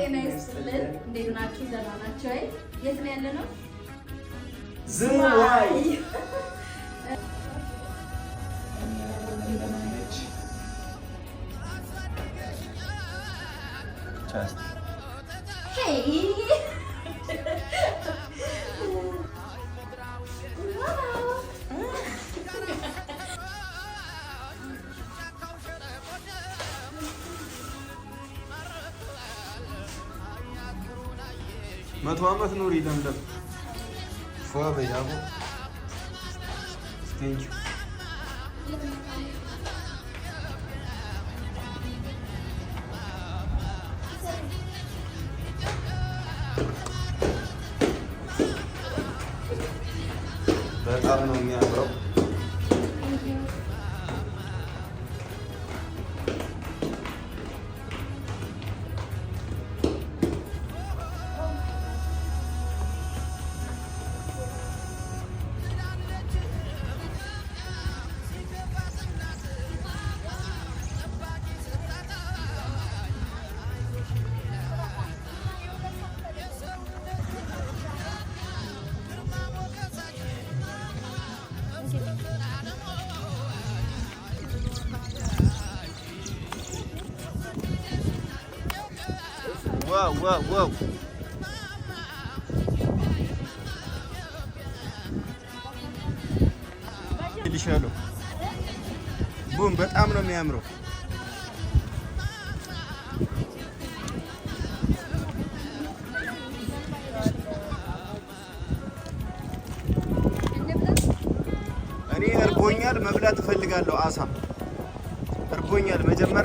ጤና ይስጥልን። እንዴት ናችሁ? ደህና ናችሁ ወይ? የት ነው ያለ ነው? ዝዋይ ሄይ ya Thank you. Welcome, bro. wow, ዋው wow. ይልሻለሁ ቡም በጣም ነው የሚያምረው። እኔ እርቦኛል፣ መብላት እፈልጋለሁ። አሳ እርቦኛል መጀመሪያ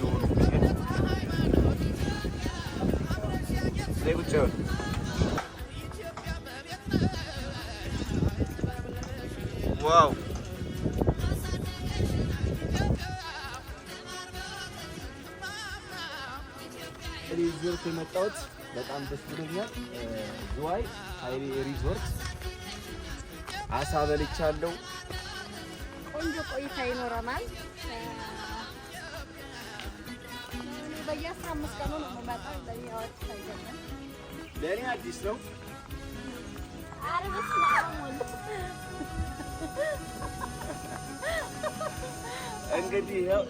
ዋው ሪዞርት የመጣሁት በጣም ደስ ብሎኛል። ዝዋይ ሀይሌ ሪዞርት አሳ በልቻለሁ። ቆንጆ ቆይታ ይኖረናል። በየአስራ አምስት ቀኑ ነው የምመጣው። ለእኔ አዲስ ነው። and get the help.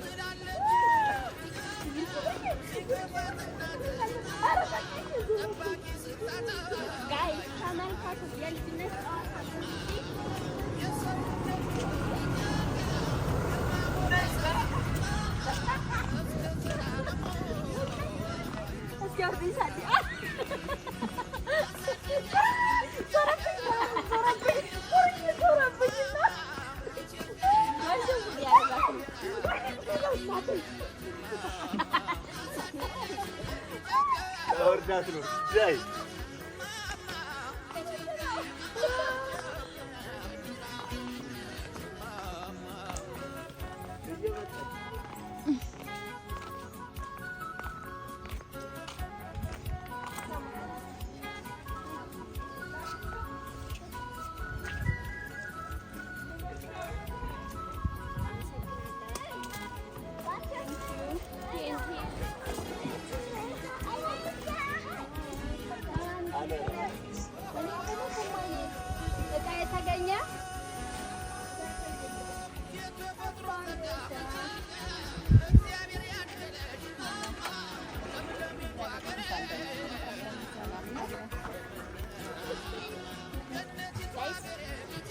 Yeah.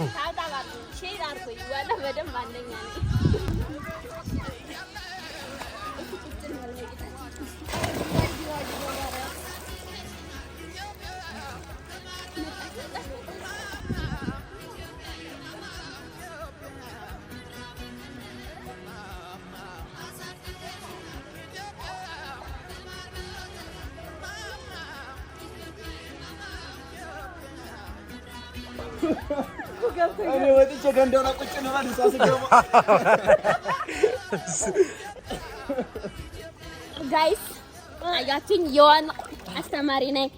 በደንብ አንደኛ ጋይስ አያችሁኝ፣ የዋና አስተማሪ ነኝ።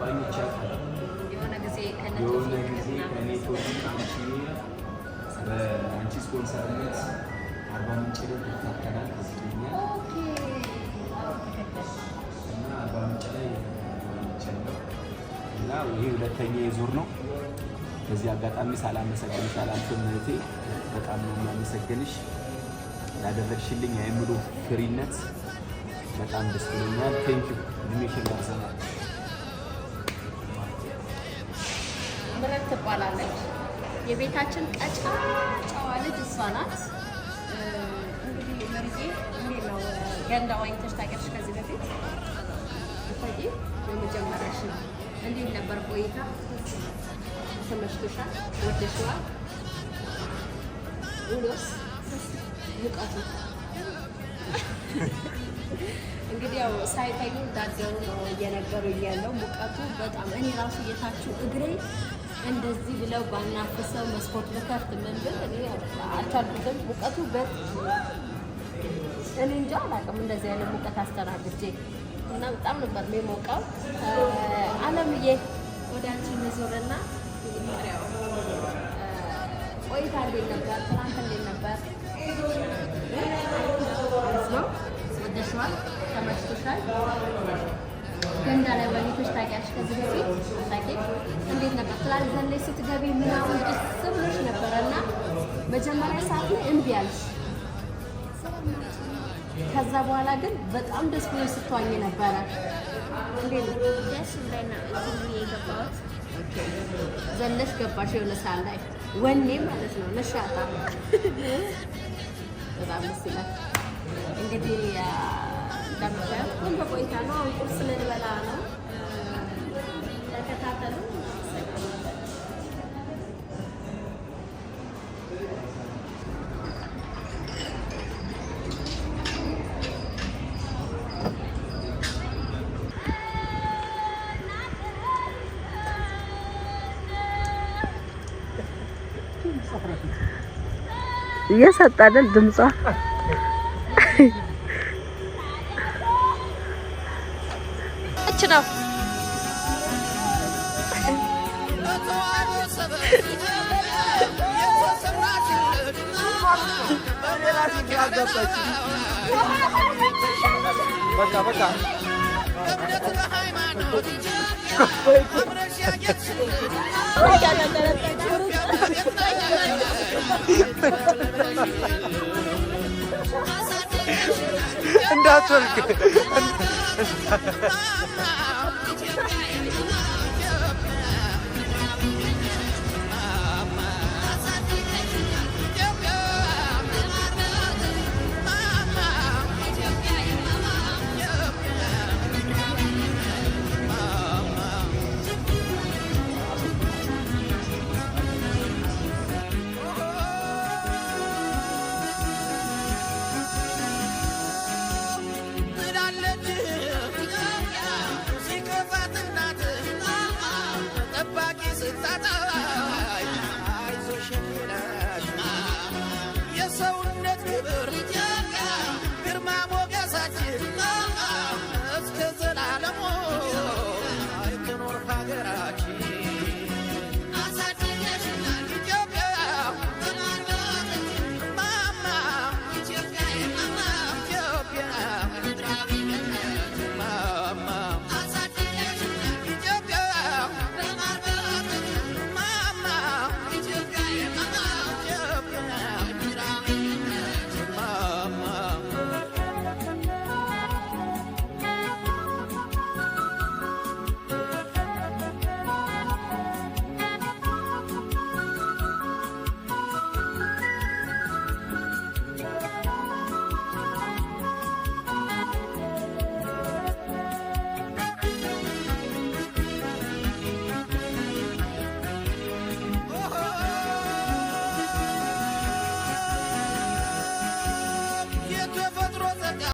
የሆነ ጊዜ አርባ ምንጭ ላይ ይታተናል ይመስለኛል እና አርባ ምንጭ ላይ ይቻለው እና ይሄ ሁለተኛ የዙር ነው። በዚህ አጋጣሚ ሳላመሰግንሽ አላልፍም እህቴ፣ በጣም ነው የማመሰግንሽ ላደረግሽልኝ የአእምሮ ፍሪነት በጣም ደስ ብሎኛል። ቴንክ ዩ እድሜሽን ላሰናል ምረት ትባላለች። የቤታችን ቀጫጫዋ ልጅ እሷ ናት። እንግዲህ መርጌ እንዴት ነው ገንዳ ዋኝተሽ ታውቂያለሽ? ከዚህ በፊት እታይ የመጀመሪያሽ እንዴት ነበር ቆይታ? ተመችቶሻል? ወደሽዋል? ውሎስ? ሙቀቱ? እንግዲህ ያው ሳይታዩ ዳደሩ ነው እየነገሩኝ ያለው ሙቀቱ በጣም እኔ ራሱ እየታችሁ እግሬ እንደዚህ ብለው ባናፍሰው መስኮት ልከፍት ምን ብል እኔ አልቻልኩትም። ሙቀቱ በት እኔ እንጃ አላውቅም፣ እንደዚህ አይነት ሙቀት አስተናግጄ እና በጣም ነበር የሞቀው። አለምዬ ወዳችን ዞርና ቆይታ እንዴት ነበር? ትናንት እንዴት ነበር? ነው ወደሸዋል? ተመችቶሻል? ገንዳ ላይ ዋኝቶች ታውቂያለሽ? ከዚህ በፊት ስትገቢ ምናምን ደስ መጀመሪያ ሰዓት ላይ እምቢ አለሽ። ከዛ በኋላ ግን በጣም ደስ ብሎሽ ስትዋኝ ነበረ። እንዴት ነው ደስ ዘለሽ ገባሽ። የሆነ ሰዓት ላይ ወኔ ማለት ነው ነሻጣ በጣም ደስ ይላል እንግዲህ አይደለም ምክንያቱ ግን በቆይታ ነው። አሁን ቁርስ ልንበላ ነው። ተከታተሉ። እየሰጠ አይደል ድምጿ መች ነው? እንዳትወልቅ